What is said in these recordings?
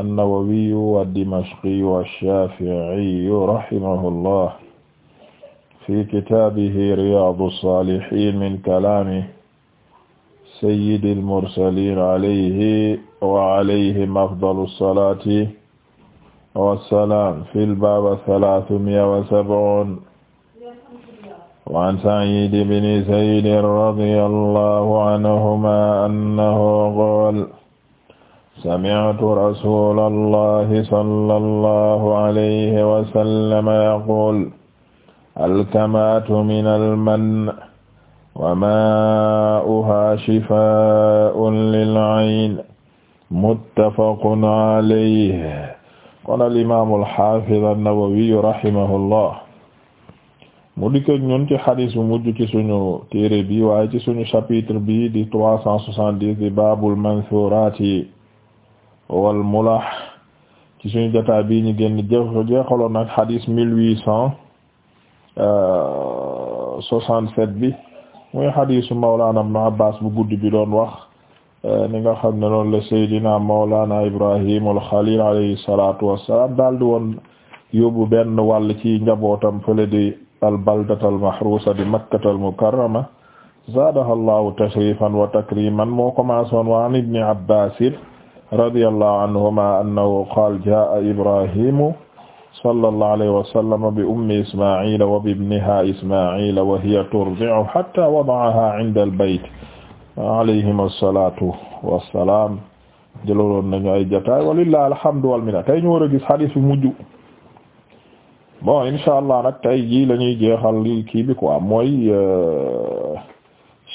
annawawiyu addimashqiyu ash-shaafi'iyu rahimahullah fi kitaabihi riyaadu saalihiin min kalaami sayyidil mursaliin alayhi wa alayhim afdalu salaati wa salaam fil baab salaasumi'a wa sab'uun wa an Sa'iid ibn Zayd radiyallaahu anhumaa annahu qaala sami'tu rasulallahi sallallahu alayhi wa sallam yaqul alkamaatu min almann wa maa'uhaa shifaa'un lil'ayn muttafaqun alayhi kon alimaamu alxaafid annawawi rahimahullah mu dikk ak ñun ci xadis bu mujj ci suñu téere bi waaye ci suñu chapitre bi di trois cent soixante-dix di baabul mansuuraati wal mulah ci suñu bii ñu génn jeexaloon nag xadis mille huit cent euh, bi muy xadisu mawlaana ibnu Abbaas bu guddi bi doon wax euh, ni nga xam ne noonu la Seydina mawlaana Ibrahim al-Xaliil alayhi wassalaam daal di woon yóbbu benn wàll ci njabootam fële di al-baldata al-mahruusa di makkata al-mukarrama zaadaha Allahu tashrifan wa takriman moo commencé wa an ibni Abbaasin radiyallahu anhuma annahu qaala jaa'a Ibraahiimu sallallahu alayhi wa sallam bi ummi Ismaa'iila wa bi ibnihaa Ismaa'iila wa hiya turdi'u hattaa wada'ahaa 'inda al-bayt alayhimaa salaatu wa salaam jëloon nañu ay jotaay walillaahi alhamdu wal minna tey ñu war a gis hadiis bu mujj bon incha allah nag tey jii la ñuy jeexal li kii bi quoi mooy euh,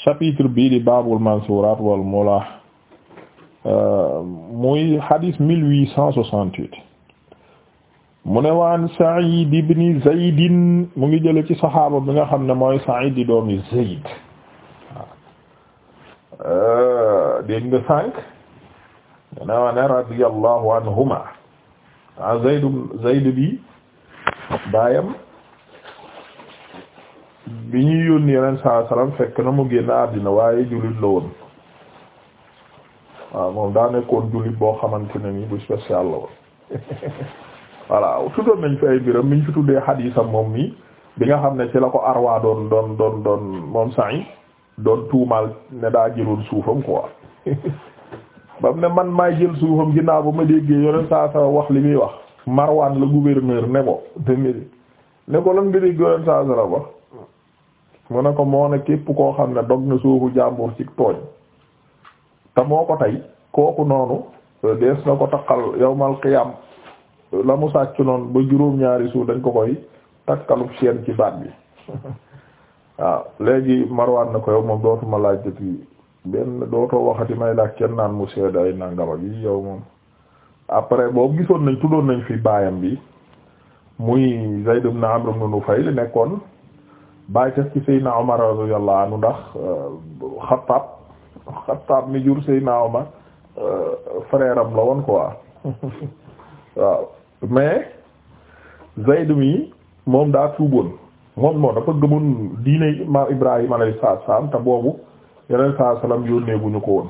chapitre bii di baabul mansuuraat wal mulah Euh, muy hadis mille huit cent soixante-huit mu ne waan Sa'id ibn Zayd mu ngi jële ci saxaaba bi nga xam ne mooy Sa'id di doomi Zayd waaw euh, dégg nga sànq ne waa ne radiyallahu anhuma a ah, Zayd Zayd bi baayam bi ñuy yónni yeneen saa salaam fekk na mu génn àddina waaye jullit la woon waaw moom daa nekkoon jullit boo xamante ne nii bu spécial la woon voilà tuddoon nañ fi ay biram mi ñu fi tuddee xadiisam moom mii bi nga xam ne ci la ko arwa doon doon doon doon moom Sa'id doon tuumaal ne daa jëloon suufam quoi ba mu ne man maay jël suufam ginnaaw ba ma déggee yoneen saa sa wax li muy wax Marwan la gouverneur ne bo de Médine ne ko lan nga dégg yoneen saa sa la mu ne ko moo ne képp koo xam ne dog na suufu jàmbur ci tooñ te moo ko tey kooku noonu euh, dees na ko takkal yawmal qiyam euh, la mu sàcc noonu ba juróom-ñaari suuf dañ ko koy takkalub seen ci baat bi waaw léegi Marwan na ko yow moom dootuma laaj depuis benn dootoo waxati may laaj kenn naan mu sedd ay nangama bi yow moom après boobu gisoon nañ tuddoon nañ fi baayam bi muy Zayd ibn Amr ibn Nufayl nekkoon bàyyi ci Seydina Umar radiyallahu anhu ndax euh, Xattaab Xattaab mi jur Seydina ma euh, frère am la woon quoi waaw mais Zayd mi moom daa tuuboon moom moom dafa gëmoon diine ma Ibrahima alayhi salaam te boobu yeneen saa salaam yónnee bu ñu ko woon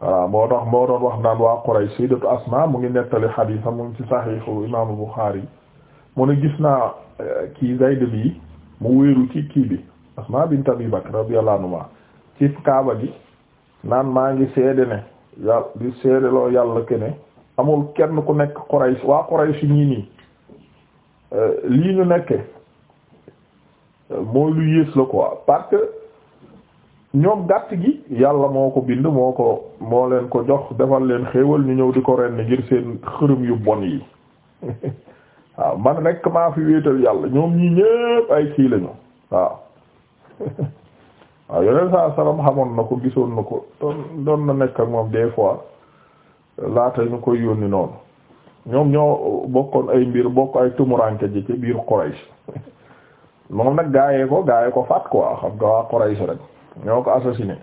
voilà moo tax moo doon wax naan waa Quraysh Sayyidatu Asma mu ngi nettali xadiisam mu ngi ci saxiixu imaamu Buxaari mu ne gis naa euh, kii Zayd bi mu wéeru ci kii bi Asma bint Abi Bakr radiyallahu ci kaaba gi naan maa ngi seede ne yàlla di seedeloo yàlla kene ne amul kenn ku nekk Quraysh waa Quraysh ñii nii euh, lii ñu nekke euh, mooy lu yées la quoi parce que ñoom gàtt gi yàlla moo ko bind moo ko moo leen ko jox defal leen xéewal ñu ñëw di ko ren ngir seen xërëm yu bon yi waaw man rek maa fi wéetal yàlla ñoom ñii ñépp ay kii lañu waaw waaw yeneen saa salaam xamoon na ko gisoon na ko doon na nekk ak moom des fois laata ñu koy yónni noonu ñoom ñoo bokkoon ay mbir bokk ay tumuranke ji biir Quraysh moom nag gaayee ko gaayee ko faat quoi xam nga waa Quraysh rek ñoo ko assassiné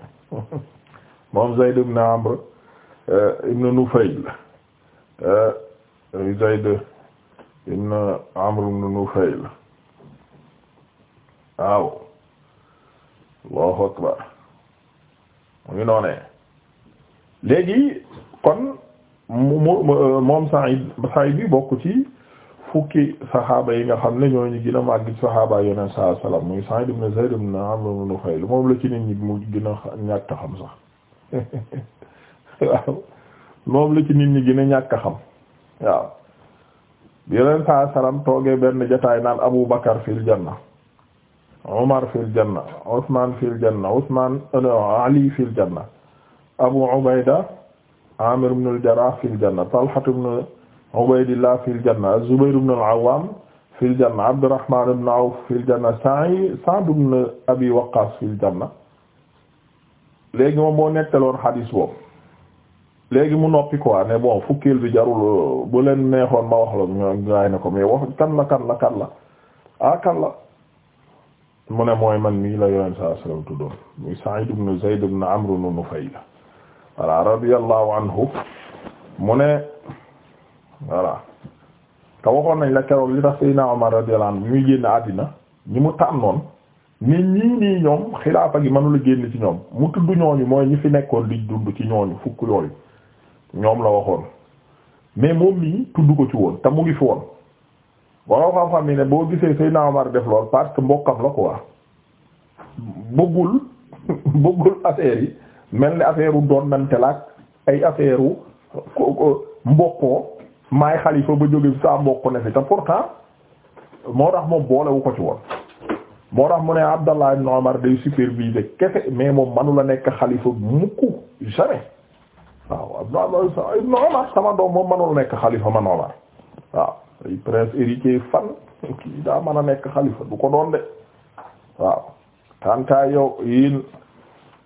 moom Zayd ibn Amr eh, ibn Nufayl eh, Zayd ibn Amr ibn Nufayl waaw allahu akbar mu ngi noonee léegi kon mu euh, moom Sa'id Sa'id yi bokk ci fukki saxaaba yi nga xam ne ñooñu gën a màgg ci saxaaba yoneen saa salaam muy Sa'id ibn Zayd ibn Amr ibn Nufayl moom la ci nit ñi mu gën ñàkk a xam sax waaw moom la ci nit ñi gën a ñàkk a xam waaw yoneen saa salaam toogee benn jotaay naan Abu Bakar fil janna Umar fil janna Usman fil janna Usman euh, Ali fil janna Abu Ubayda Amir ibn al-Jarrah fil janna Talha ibn Ubaydillah fil janna Zubayr ibn al-Awwam fil janna Abdurrahman ibn Awf fil janna Sa'd ibn Abi Waqqas fil janna léegi moom moo nettaloon xadiis boobu léegi mu noppi quoi ne bon fukkil bi jarul bu leen neexoon ma wax la ñoom gaay na ko mais wax kan la kan la kan la ah kan la mu ne mooy man mii la yoneen saa sallam tuddoon muy Sa'id ibn Zayd ibn Amr ibn Nufayl voilà radiyallahu anhu mu ne voilà te waxoon nañ la keroog li tax Seydina Omar radiyallahu anhu bi muy génn àddina ñi mu tànnoon ni ñii nii ñoom xilaafa gi mënula génn ci ñoom mu tudd ñooñu mooy ñi fi nekkoon di dund ci ñooñu fukk yooyu ñoom la waxoon mais moom mii tudd ko ci woon te mu ngi fi woon boo xam-xam yi ne boo gisee Seydina Omar def lool parce que mbokkam la quoi bëggul bëggul affaire yi mel ni affaire doon nante laak ay affaire u mbokkoo maay xalifa ba jóge saa mbokk ne fi te pourtant moo tax moom boolewu ko ci woon moo tax mu ne Abdallah ibn Omar day superviser kese mais moom manu nekk xalifa mukk jamais waaw Abdallah sama doom moom manu nekk xalifa man Omar waaw ay prince héritier fan kii nekk xalifa du ko doon de waaw tanta yow yéen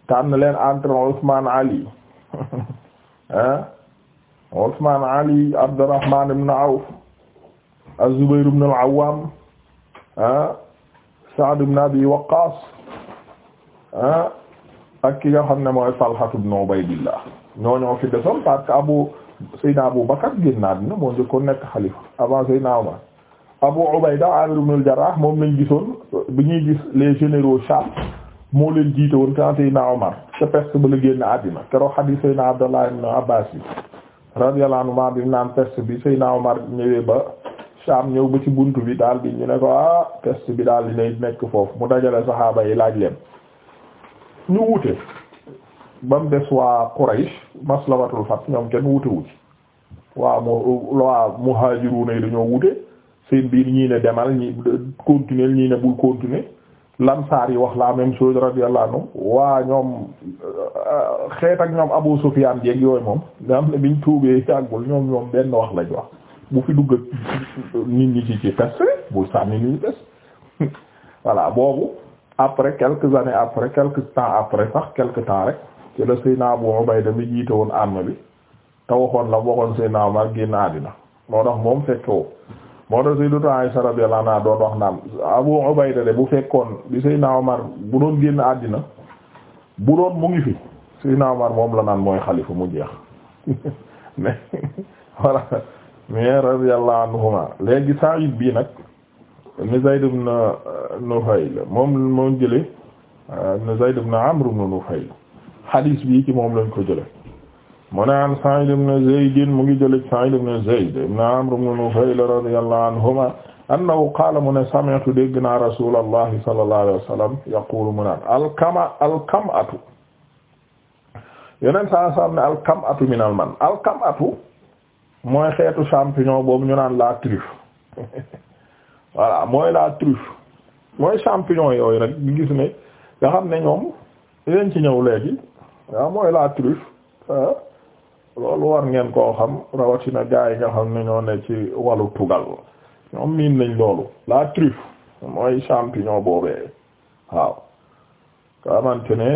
tànn leen entre Ousmane Ali hein Ousmane Ali Abdurrahman ibn Awf Az-Zubayr al-Awwam hein Sa'd ibn Abi Waqqas hein ak ki nga mooy Talha ibn Ubaydillah ñoo ñoo fi desoon parce que Abu Seydina Abu Bakar génn na àddina moo njëkkoon nekk xalifa avant Seydina Omar Abu Ubayda Amir ibn moom lañ gisoon bi ñuy gis les généraux Sham moo leen jiite woon te Seydina Omar te peste ba la génn àddina keroog xadiis Seydina Abdallah ibn bi naan peste bi Seydina Omar ñëwee ba Sham ñëw ba ci bunt bi daal di ñu ne ko ah peste bi daal di lay nekk foofu mu dajale saxaaba yi laaj leen ñu wute ba mu des waa Quraysh maslawatul fat ñoom kenn wute wuti waa mu waa muhajiruna yi dañoo wute seen biir ñii ne demal ñi continuer ñii ne bul continuer lansaar yi wax la même chose radiyallahu anhu waa ñoom euh, xeet ak ñoom Abu Sufyaan jeeg yooyu moom nga xam ne biñ tuubee yàggul ñoom ñoom benn wax lañ wax bu fi dugg nit ñi ci ci peste bu sànni nit ñi peste voilà boobu après quelques années après quelques temps après sax quelques temps rek ci la Seydina Abu Ubayda mi jiite woon arme bi te waxoon la waxoon Seydina Umar génn àddina moo tax moom fekkewoo moo tax Sayyidatu Aisha radiyallahu anha doon wax naan Abu Ubayda de bu fekkoon bi Seydina Umar bu doon génn àddina bu doon mu ngi fi Seydina Umar moom la naan mooy xalifa mu jeex mais voilà mais radiyallahu anhuma léegi Sa'id bii nag ni Zayd ibn Nufayl moom moo jële ni Zayd ibn Amr ibn Nufayl xadiis bi ci moom lañ ko jële mu ne an Sa'id ibn Zayd mu ngi jële Sa'id ibn Zayd ibn Amr ibn Nufayl radiyallahu anhuma annahu qaala mu ne sami'tu dégg naa rasulallahi sallallahu alayhi wa sallam yaqulu mu naan alkama alkamatu yeneen saa saam ne alkamatu min al man alkamatu mooy xeetu champignon boobu ñu naan la truffe voilà mooy la truffe mooy champignon yooyu rek gis ne nga xam ne ñoom dañ ci ñëw léegi waaw mooy la truffe loolu war ngeen koo xam rawatina gaa yi nga xam ne ñoo ne ci wàllu tugal ñoom miin nañ loolu la truffe mooy champignon boobee waaw nga xamante ne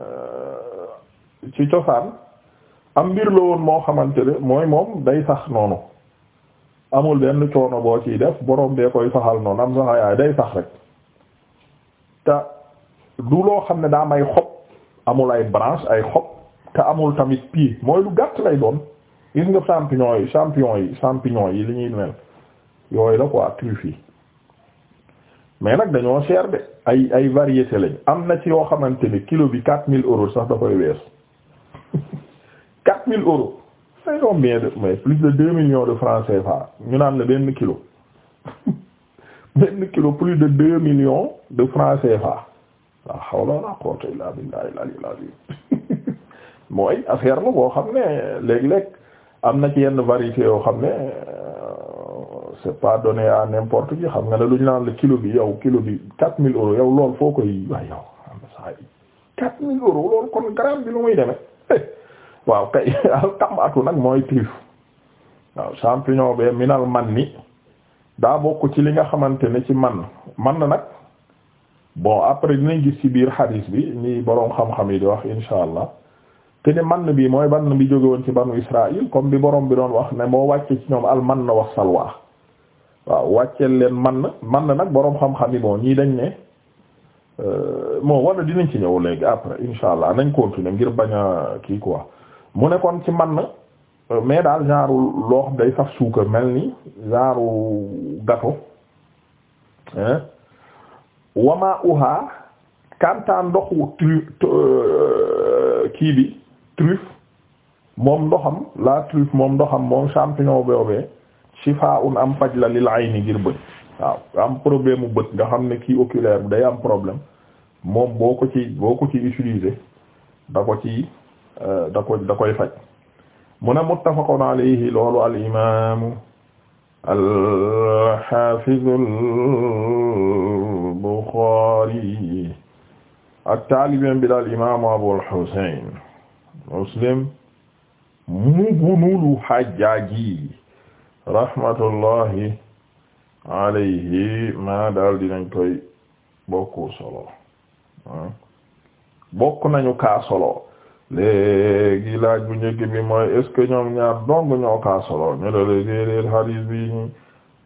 euh, ci cosaan am mbir la woon moo xamante ne mooy moom day sax noonu amul benn coono boo ciy def borom bee koy saxal noonu am saxayaay day sax rek te du loo xam ne daa may xob amul ay branche ay xob te amul tamit pii mooy lu gàtt lay doon gis nga champignon yi champignon yi champignon yi li ñuy mel yooyu la quoi truffe yi mais nag dañoo cher de ay ay variété lañ am na ci yoo xamante ni kilo bi quatre mille euros sax da koy wees quatre mille euros c'est combien de mais plus de deux millions de francs CFA ñu naan la benn kilo benn kilo plus de deux millions de francs CFA la hawla wala quwwata illa billahi al-aliyyil mooy affaire la boo xam ne léeg-léeg am na ci yenn variété yoo xam ne euh, c'est pas donné à n'importe qui xam nga ne lu ñu naan la kilo bi yow kilo bi quatre mille euros yow lool foo koy waaye yow am mille euros lool kon gramme bi lu muy demee waaw kay alkamatu nag mooy truffe waaw champignon be minal man ni daa bokk ci li nga xamante ne ci man man na nag bon après dinañ gis ci biir hadis bi nii boroom xam-xam yi di wax insha allah te ne man bii mooy ban bi jóge woon ci banu Israël comme bi borom bi doon wax ne moo wàcce ci ñoom al man na wax salwaa waaw wàcceel leen man man nag boroom xam-xam yi bon ñii dañ ne euh, moo wala dinañ ci ñëw léegi après insha allah nañ continuer ngir bañ kii quoi mu ne kon ci man euh, mais daal genre loo day saf suukar mel ni genre gâteau hein wama uha kanta ndoxu truffe euh, kii bi truffe moom ndoxam la truffe moom ndoxam moom champignon boobee shifaa'un am paj la lil ayni ngir bët waaw am problème mu bët nga xam ne kii oculaire bi day am problème moom boo ko ci boo ko ci utiliser da ko ci euh, da koy faj mu ne muttafaqun alayhi loolu al imaamu alxafizul Buxaari ak taalibeem bi daal imaamu Abul Husayn Muslim ibnul Hajjaaji rahmatullahi alayhi maa daal dinañ koy bokku solo bokk nañu kaa léegi laaj bu njëkk bi mooy est ce que ñoom ñaar dong ñoo kaa solo ñu ne la bi ñi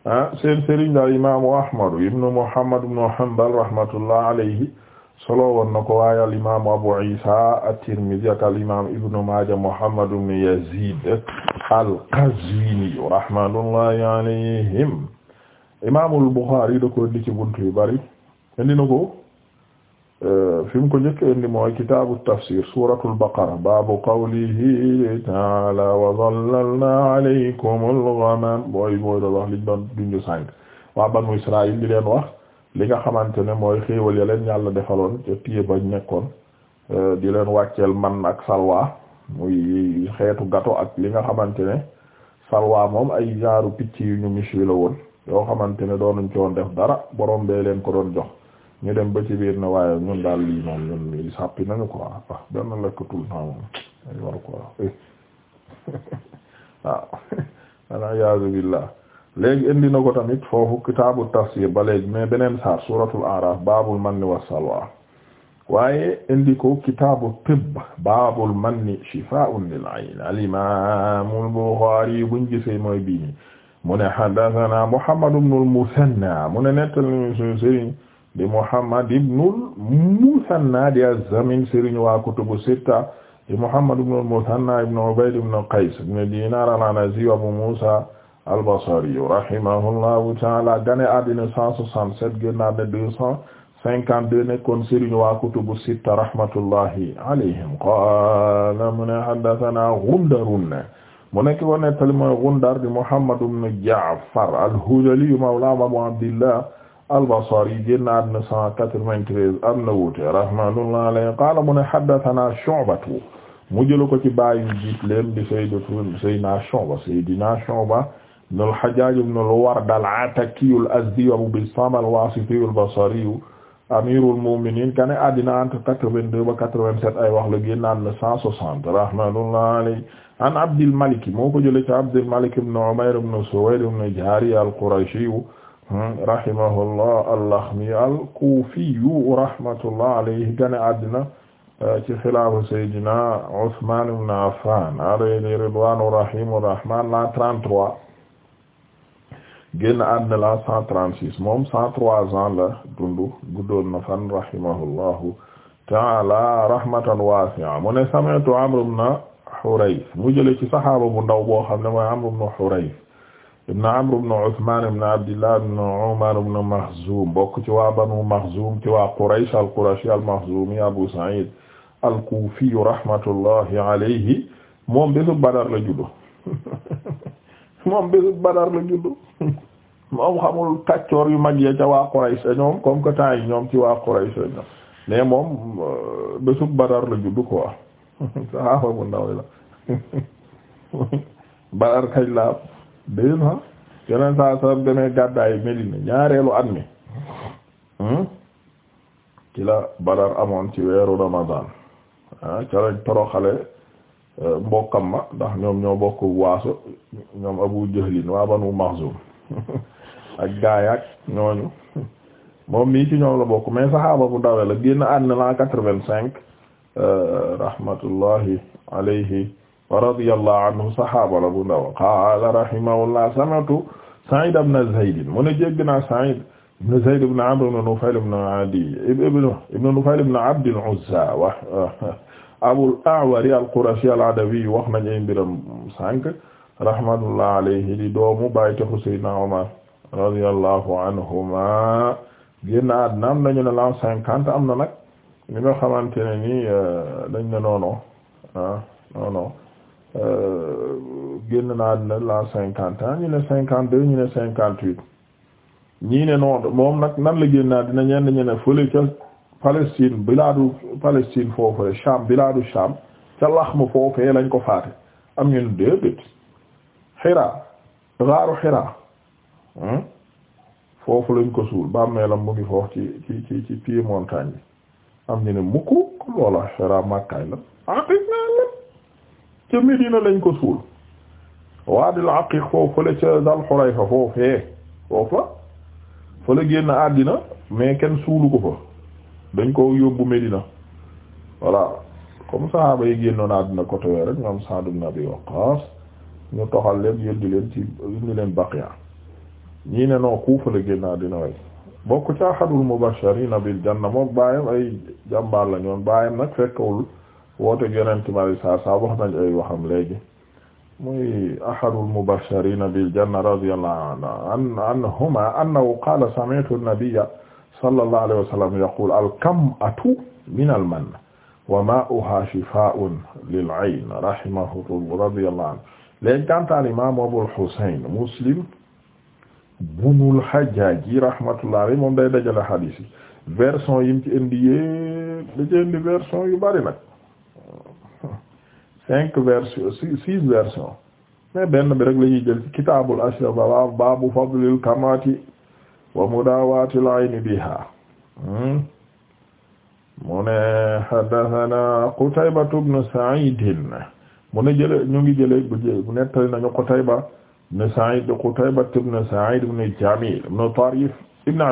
ah, seen sëriñ daal imaamu ahmadu ibnu muhammad ibnu hanbal rahmatullah alayhi solo woon ko waay al imaamu abu isa at-tirmidhi al imam ibnu maaja muhammad ibnu yazid al-qazwini rahmatullahi alayhim imaamul buxaari da ko indi ci buntu yu bari indi na ko fi mu ko njëkk indi mooy kitaabu tafsir suuratul baqara baabu qawlihi ta'aala wa zallalnaa alaykumul ghamam doon wax liñ doon dundu sànq waa banu Israaïl di leen wax li nga xamante ne mooy xéewal ya leen yàlla defaloon ca téye bañ nekkoon euh, di leen wàcceel man ak salwa muy xeetu gato ak li nga xamante ne salwa moom ay jaaru picc yu ñu michu la woon yoo xamante ne doonuñ ci woon def dara borom bee leen ko doon jox. ñu dem ba ci biir na waaye ñun daal lii moom ñun lii sàppi nañu quoi ah dana lekk tout le temps ay war quoi waaw ana billah léegi indi na ko tamit foofu kitaabu tafsir ba léegi mais beneen saar suuratul araf baabul manni wassalwa waaye indi ko kitaabu tibb baabul manni shifaa'un lil ayn al imaam al buxaari buñ gisee mooy bii mu ne haddathana muhammad ibn al musanna mu ne nettali ñu sunu di Muhammad ibnul Musanna di az-Zamin sëriñ waa kutubu sitta di Muhammad ibnul Musanna ibn Ubayd ibn Qays ibn Dinar al-Anazi Abu Musa al-Basri rahimahullahu ta'ala gane àddina 167 génn àddina 252 nekkoon sëriñ waa kutubu sitta rahmatullahi alayhim qaala mu ne haddathana Ghundarun mu nekk ko nettali mooy Ghundar di Muhammad ibn Ja'far al-Hudali mawla Abu Abdillah al-Basri génn àdduna 193 am na wuute rahmatullahi alayhi qaala mu ne mu jëloon ko ci baayu jiit leen di sayyidatu Sayyidinaa Shu'ba Sayyidinaa Shu'ba ibn a hajjaaj ibn al-Ward al-Ataki al-Azdi Abu Bistaam al-Waasiti al-Basri amiirul mu'miniin kan àddina entre 82 ba 87 ay wax la génn a 160 rahmatullahi alayhi an Abdil Malik moo ko jëlee rahimahullah al-Laxmi al-Kuufiyu rahmatullah alayhi gane àddina euh, ci xilaafu Seydina Usmaan ibn Affaan alayhi ridwaanu rahiimu rahmaan la 33 génn àddina la 136 moom 103 ans la dundu guddoon na fan rahimahullahu ta'aala rahmatan waasi'a mu ne sami'tu Amr ibn Hurayth mu jële ci saxaaba bu ndaw boo ne mooy Amr ibn Hurayth ibn Amr ibn Uthman ibn Abdillah ibn Umar ibn Makhzum bokk ci waa Banu Makhzum ci waa Quraysh al-Qurashi al-Makhzumi Abu Sa'id al-Kufi rahmatullahi alayhi moom bésu Badar la juddu moom bésu Badar la juddu moom xamul kàccoor yu mag ya ca waa Quraysh ñoom comme que temps yi ñoom ci waa Quraysh ñoom mais moom euh, bésu Badar la juddu quoi saxaaba bu ndaw la Badar kañ la deux ans yeneen saa gàddaay Medina ñaareelu at mi hmm? ci la Badar amoon ci weeru Ramadan ah ca lañ toroxale eh, mbokkam ma ndax ñoom ñoo bokk waaso ñoom Abu Jahlin waa Banu Maxzum ak gaayaak ñooñu moom mii ci ñoom la bokk mais saxaaba bu ndawe la génn ànd na la quatre radiyallahu anhu sahaaba la bu ndaw qaala rahimahullah sami'tu Sa'id ibn Zayd mu ne jégg naa Sa'id ibn Zayd ibn Amr ibn Nufayl ibn Adi ibn Nufayl ibn Abd al-Uzza wa Abul A'wari al-Qurashi al-Adawi wax nañ ay mbiram sànq rahmatullah alayhi di doomu bàyyi taxu Seydina Omar radiyallahu anhuma génn àddina am nañu ne l'an cinquante am na nag li nga xamante ne ni euh, dañ ne noono ah noono Euh, génn naa dina la cinquante ans ñu ne cinquante deux ñu ne cinquante huit ñii ne noonu moom nag nan la génn naa dina ñenn ñu ne fële ca Palestine bilaadu Palestine foofule Sham bilaadu Sham ca ko faate am ñu ne déedéet Hira gaaru Hira hmm? foofu lañ ko suul bàmmeelam mu ngi foofu ci ci ci ci pied bi am ñu ne mukk ko loola Hira la ca Medina lañ ko suul Waadil Aqiq foofu fële ca Dal Xulayfa foofee eh, foofa fële génn àddina mais kenn suulu ko fa dañ ko yóbbu Medina voilà comme saxaaba yi génnoon àddina côté yooyu rek ñoom Sa'd na Abi Waqqas ñu toxal leen yëndi leen ci yëndi leen Baqiya ñii ne noo Kuufa la génn àddina way bokk ci ahadul mubashirin bil janna moom baayam ay jàmbaar la ñoon nag fekkawul woote yonente mi alay saa salam wax nañ ay waxam léegi muy ahadul mubashirina bil janna radiyallahu anhu anhuma annahu qala sami'tu an-nabiyya sallallahu alayhi wa sallam yaqul al-kam'atu min al-mann wa ma'uha shifa'un lil-'ayn rahimahu radiyallahu anhu léegi kantaan imam Abul Husayn Muslim bunul Hajjaji rahmatullahi alayhi moom day dajale hadith yi version yim ci indi yépp da ci indi version yu bari nag cinq versions six versions mais benn bi rek la ñuy jël ci kitaabul ashriba baabu fadlil kamaati wa mudaawaati al biha hmm? mu ne haddathana Qutaybatu ibn Sa'id mu ne jële ñu ngi jële bu nettali nañu Qutayba ibn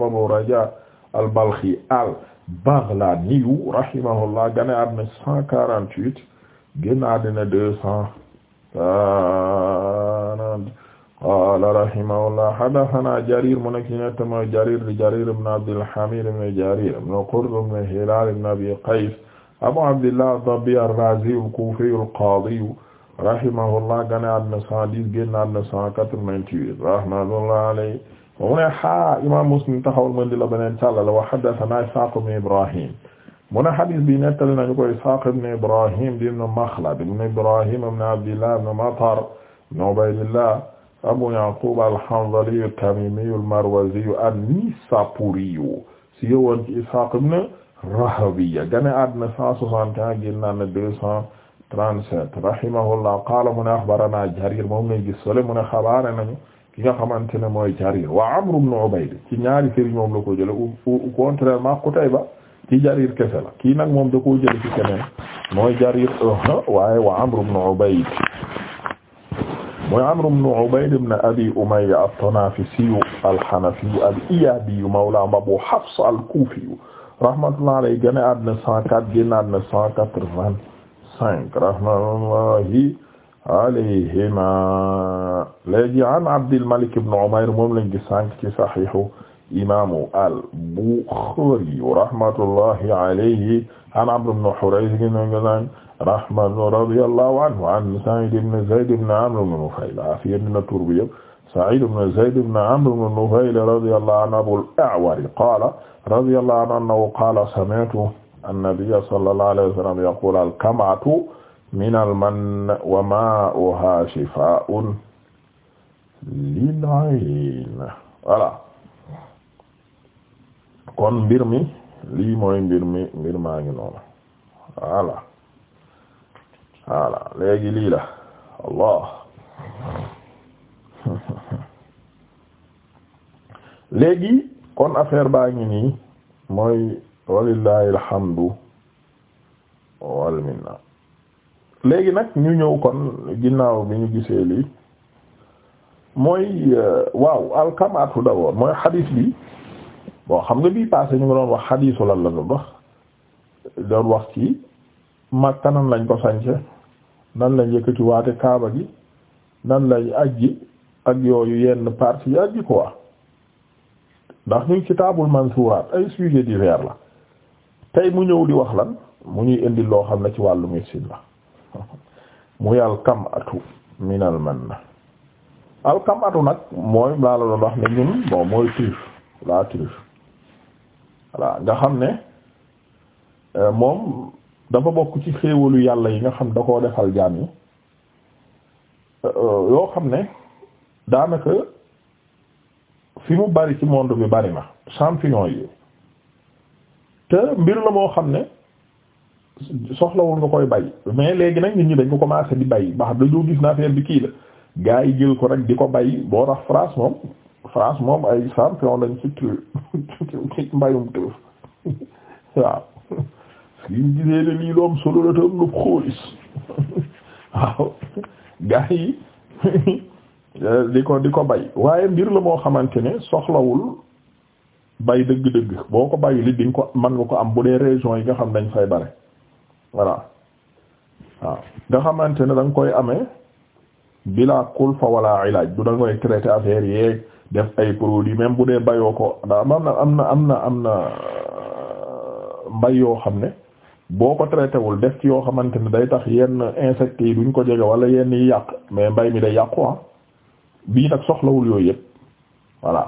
Abu Raja al-Balkhi al Baghlani rahimahullah gane àddina cent quarante-huit génn àddina deux cent quarante euh, qala rahimahullah hadathana Jarir mu nekk ñett Jarir di Jarir ibn Abdil Hamid ibn Jarir ibn Qurt ibn Hilal ibn Abi Qays Abu Abdillah ad-Dabbi ar-Razi al-Kufi al-Qadi rahimahullah gane àddina cent dix génn àddina cent quatre-vingt-huit rahmatullahi alayhi mu ne xaa imam Muslim taxawal mën di la beneen càllala wa haddathana Ishaq ibn Ibrahim mu ne hadis bi nettali nañu ko Ishaq ibn Ibrahim di ibn a ibn Ibrahim ibn Abdillah ibn Matar ibn Ubaydillah Abu Yaqub al-Hanzali at-Tamimi al-Marwazi an-Nisapuri si yowoon ci Ishaq ibn Rahawiya gane àddina 161 génnaana 237 rahimahullah qaala mu ne akhbarana Jarir moom lay gis sole mu ne xabaare nañu ki nga xamante ne mooy Jarir wa Amr ibn Ubayd ci ñaari sëriñ moom la ko jële au contrairement Qutayba ci Jarir kese la kii nag moom da koo jële mooy Jarir uh-huh, waaye wa Amr ibn Ubayd mooy Amr ibn Ubayd ibn Abi Umayya at-Tanafisi al-Hanafi al-Iyadi mawla Abu Hafs al-Kufi rahmatullahi alayhi gane àddina 104 génn àddina 185 rahmatullahi alayhima léegi an Abdulmalik ibn Umayr moom lañ gis sànq ci saxiixu imaamu al-Buxaari rahmatullahi alayhi an Amr ibn Hurayth rahmatullahi radiyallahu anhu an Sa'iid ibn Zayd ibn Amr ibn Nufayl afiya ah, na tur bi yëpp Sa'iid ibn Zayd ibn Amr ibn Nufayl radiyallahu anhu Abul A'war qaala radiyallahu anhu annahu qaala sami'tu an-nabiyya sallallahu alayhi wa sallam yaqulu al-kam'atu minal mann wa maa'uhaa shifaa'un lil 'ayn voilà kon mbir mi lii mooy mbir mi mbir maa ngi noonu voilà voilà lii la Allah léegi kon affaire baa ngi mooy walillahi alhamdu wal léegi nag ñu ñëw kon ginnaaw bi ñu gisee lii mooy euh, waaw alkamaatu d'abord mooy xadiis bi bon xam nga bii passé ñu ngi doon wax xadiisu lan la doon wax doon wax ci Makka nan lañ ko sañce nan lañ yëkkati waate kaaba gi nan lañ ajji ak yooyu yenn partie yi ajji ndax ñu kitaabul mansuuraat ay sujets divers la tey mu ñëw di wax lan mu ñuy indi loo xam ne ci wàllu médecine la muy alkamatu min al man alkamatu nag mooy laa la wax ne ñun bon mooy truffe la truffe voilà nga xam ne euh, moom dafa bokk ci xéewalu yàlla yi nga xam da koo defal jaam yi euh, yoo xam ne daanaka fi mu bari ci monde bi bari na champignon yi te mbir la moo xam ne soxlawul nga koy bay mais léegi nag nit ñi dañ ko commencé di bay ba xam dañoo gis na affaire bi kii la gars yi jël ko rek di ko bay boo tax France moom ay champion lañ ci tur ci mbayum turf waaw liñ la tam lu xoolis waaw yi di ko di ko bay waaye mbir la moo xamante ne soxlawul bay dëgg-dëgg boo ko bayul li di ko mën nga ko am bu dee région yi nga xam dañ fay bare voilà waaw nga xamante ne da koy ame bila kulfa wala ilaaj du da nga koy traiter affaire yeeg def ay produits même bu dee bayoo ko da am na am na am na am na euh, mbay yoo xam ne boo ko traité wul def ci yoo xamante ne day tax yenn insectes yi duñ ko jege wala yenn yi yàq mais mbay mi day yàqu ah bii nag soxlawul yooyu yëpp voilà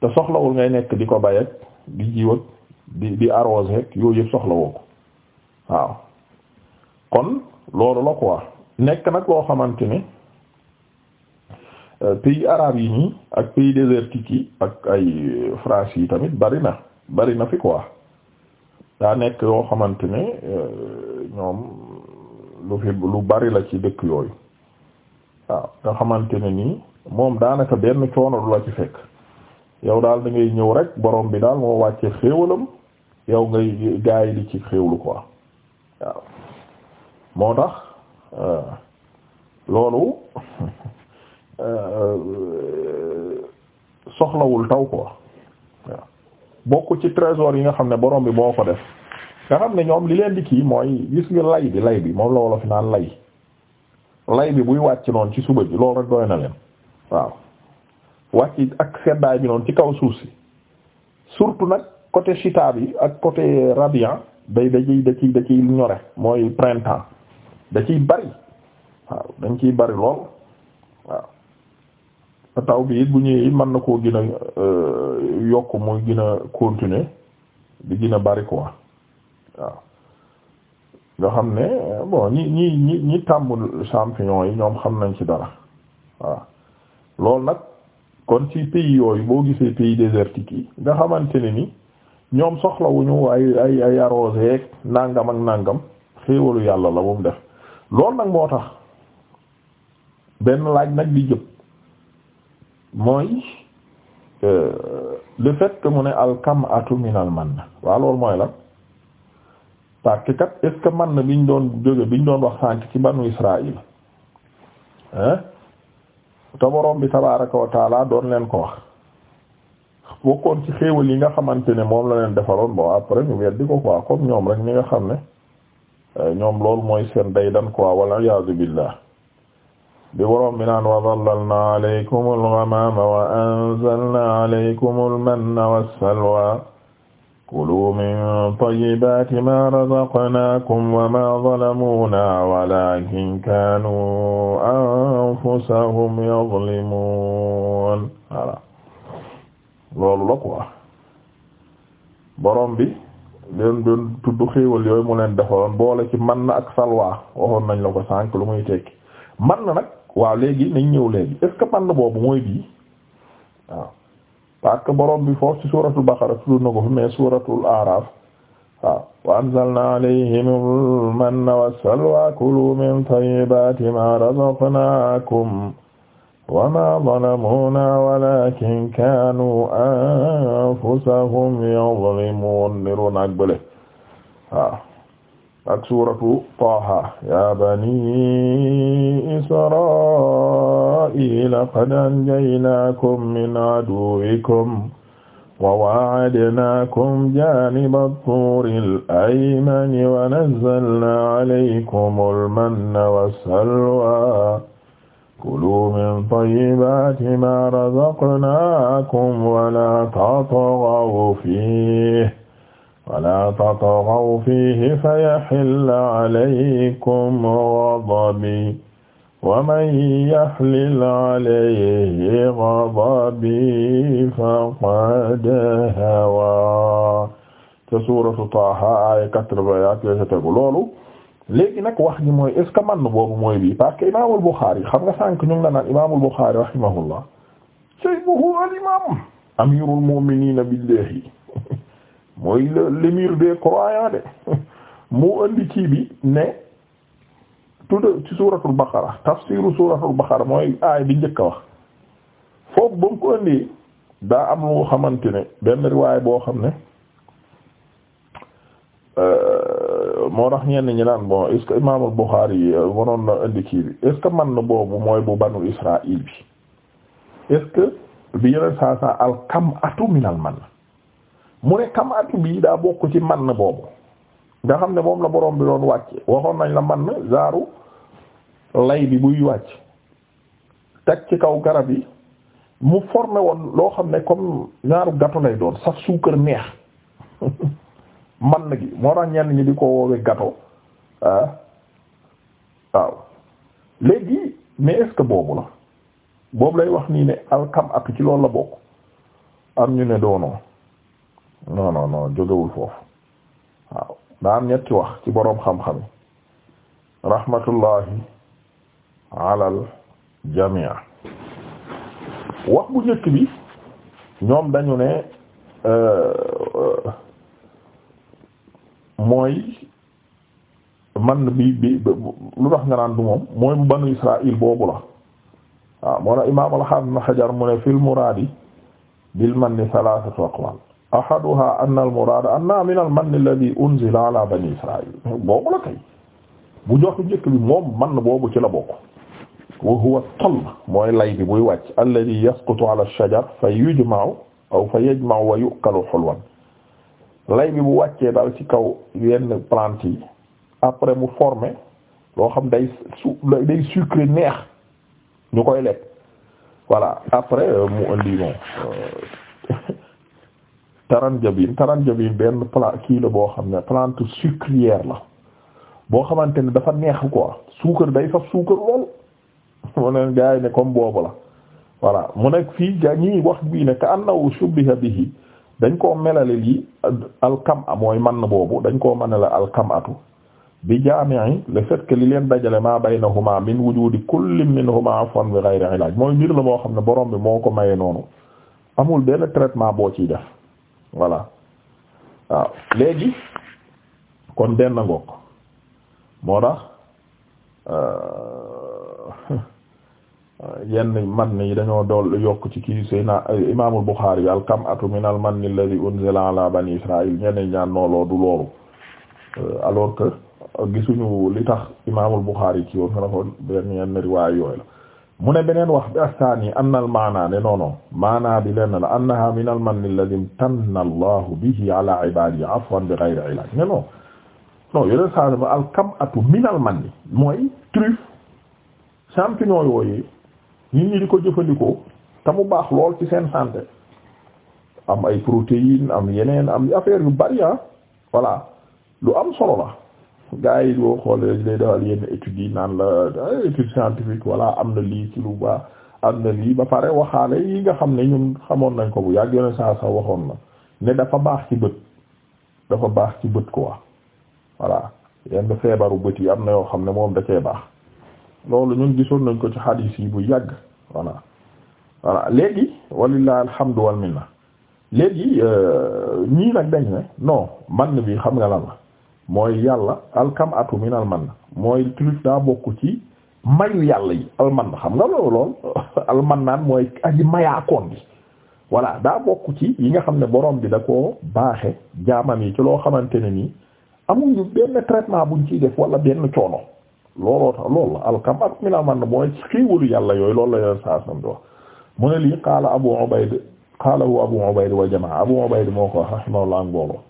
te soxlawul ngay nekk di ko bayek di jiwat di di arroser yooyu yëpp soxlawoo ko waaw kon loolu la quoi nekk nag loo xamante ne euh, pays arabes yi nii ak pays désertiques yi ak ay euh, France yi tamit bari na bari na fi quoi daa nekk yoo xamante ne euh, ñoom lu fi lu bari la ci dëkk yooyu waaw nga xamante ne nii moom daanaka benn coono du la ci fekk yow daal da ñëw rek borom bi daal moo wàcce xéewalam yow ngay gaay di ci xéewlu quoi waaw moo tax loolu soxlawul taw quoi waaw bokk ci trésor yi nga xam ne borom bi boo ko def nga xam ne ñoom li leen di kii mooy gis nga lay bi lay bi moom la wolof naan lay lay bi buy wàcc noonu ci suba bi loolu rek doy na leen waaw wàcc ak seddaay bi noonu ci kaw suuf si surtout nag côté chita bi ak côté rabian day da ciy da ciy da ciy ñore mooy printemps da ciy bari waaw dañ ciy bari lool waaw te taw bi it bu ñëwee mën na koo gën a euh, yokk muy gën a continuer di gën a bari quoi waaw nga xam ne bon ñi ñi ñi ñi tàmbul champion yi ñoom xam nañ ci dara waaw loolu nag kon ci pays yi boo gisee pays désertique yi nga xamante ne ni ñoom soxlawuñu ay ay ay arrosé nangam ak nangam xéewalu yàlla la bu mu def. loolu nag moo tax benn laaj nag di jëpp mooy euh, le fait mu ne alkam atu man na waaw loolu mooy la parce que kat est man na biñ doon jóge ñu doon wax sànk ci banu Israël hein te borom bi tabaaraka wa doon leen ko wax bokkoon ci xéewal yi nga xamante ne moom la leen defaloon bon après ñu weddi ko quoi comme ñoom rek ñi nga xam ne ñoom loolu mooy seen day dan quoi wal iyaazu billah bi waroon bi naan wa dallalna alaykum alghamama wa anzalna alaykum almanna wassalwa kulu min tayyibati ma razaqnakum wa ma zalamuna walakin kanu anfusahum yadhlimun voilà loolu la quoi borom bi leen doon tudd xéewal yooyu mu leen defaroon boole ci man na ak salwa waxoon nañ la ko sànq lu muy tekki man na nag waaw léegi nañ ñëw léegi est que man na boobu mooy bii waaw que borom bi foofu ci suuratul baqara tudd na ko fi mais suuratul aaraaf waaw wa anzalna alayhimul manna wassalwa kulu min tayyibati ma razaqnakum wama zalamuna walakin kanu anfusahum yadhlimun niru naag bële waaw ak suratu Taha ya bani israila qad anjaynakum min aduwikum wa wa'adnakum janiba turil aymani wa nazzalna alaykumul manna wassalwa kulu min tayyibati ma razaqnakum wala tatghaw fihi wala tatghaw fihi fayahilla alaykum ghadabi wa man yahlil alayhi ghadabi faqad hawa ca suuratu Taaha aaya quatre-vingts ak la ca tegu loolu léegi nag wax ji mooy est ce man boobu mooy bii parce que imaamul Buxaari xam nga sànq ñu ngi la naan imaamul Buxaari rahimahullah sayyiduhu al imaam amirul mu'miniina billahi mooy l'émir des croyants de mu andi kii bi ne tudd ci suuratul baqara tafsiru suuratul baqara mooy aay bi njëkk a wax foofu ba mu ko andi daa am lu xamante ne benn riwaay boo xam ne. Euh, moo tax ñenn ñi naan bon est-ce que imaamul Bukhari euh, waroon na indi kii man na boobu mooy bu banu Israël bi est-ce bi yeneen saa saa al kam atu minal man mu ne kam atu bii daa bokk ci man boobu nga xam ne moom la boroom bi doon wàcce waxoon nañ la man zaaru lay bi muy wàcc teg ci kaw garab yi mu formé woon loo xam ne comme zaaru gâteau lay doon saf suukar neex man gi moo tax ñenn ñi di ko woowe gâteau ah waaw léegi mais est boobu la boobu lay wax nii ne alkam at ci loolu la bokk am ñu ne doonoo non non jógewul foofu waaw daa am ñetti wax ci boroom xam-xam rahmatullahi alal jamia wax bu njëkk bi ñoom dañu ne euh, euh, mooy man bi bi lu tax nga naan du moom mooy bu banu Israaïl boobu la waaw moo na imaam al-Hafiz Ibn Hajar mu ne fil muraadi bil manni thalathatu aqwal ahaduha anna al muraada anna min al manni alladhi unzila ala bani Israaïl boobu la kay bu jox njëkk bi moom man boobu ci la bokk wa huwa talb mooy lay bi buy wàcc alladhi yasqutu ala ash-shajar fa yujma'u aw fa yajma'u wa yu'kalu hulwan lay bi mu wàccee daal ci kaw yenn plante yi après mu former loo xam day su day sucré neex ñu koy lekk voilà après euh, mu indi moom euh, taranjabin taranjabin benn plante kii la boo xam ne plante sucrière la boo xamante ne dafa neex quoi suukar day sax suukar lool mu ne gaa yi ne comme boobu la voilà mu nekk fii gaa ñii wax bii ne ka annahu shubbiha bihi dañ koo melale lii alkam a mooy man boobu dañ koo manale alkam atu bi jaami'i le fait que li leen dajale maa baynahuma min wujudi kulli minhuma afwan bi ghayri ilaaj mooy mbir la moo xam ne borom bi moo ko maye noonu amul benn traitement boo ciy def voilà waaw léegi kon benn ngoog moo tax euh, yenn man yi dañoo dool yokk ci kii Seyna eh, Imaamul Buxaari bi alkam atu minal manni alladhi unzila ala du loolu euh, que gisuñu li tax Imaamul Buxaari kii woon xanaa kon benn yenn riwaay yooyu la mu ne beneen wax bi astaani anna al maana ne noonon maana bi lenn la annaha minal manni alladhi tanna Allahu bihi ala ibaadihi afwan bi ghayri ilaaj ne non non yeneen saa alkam atu minal manni mooy truffe champignon yooyu nit ñi di ko jëfandikoo te mu baax lool ci seen santé am ay protéines am yeneen am affaire yu bari ah voilà lu am solo la gars yi boo xoolee lay defal yenn études yi naan la eh, étude scientifique voilà am na lii ci lu baax am na lii ba pare waxaale yi nga xam ne ñun xamoon nañ ko bu yàgg yone saa sa waxoon na ne dafa baax ci bët dafa baax ci bët quoi voilà yenn feebaru bët yi am na yoo xam ne moom da cee baax. loolu ñun gisoon nañ ko ci hadith yi bu yàgg voilà voilà léegi walillahi alhamdu wal minna léegi euh, ñii nag dañ ne non man bi xam nga la mooy yàlla alkam atu man mooy truc daa bokk ci mayu yàlla yi alman xam nga loolu lool almannaan mooy aji mayaakoon bi voilà daa bokk ci yi nga xam ne borom bi da koo baaxe jaamam yi ci loo xamante ne nii amuñu benn traitement buñ ciy def wala benn coono looloo tax loolu la alkam mi na man na mooy xiiwalu yàlla yooyu loolu la yoon saa sant wax mu ne lii qaala Abu Ubayd qaalahu Abu Ubayd wa jamaa Abu Ubayd moo ko rahimahullah ak mbooloo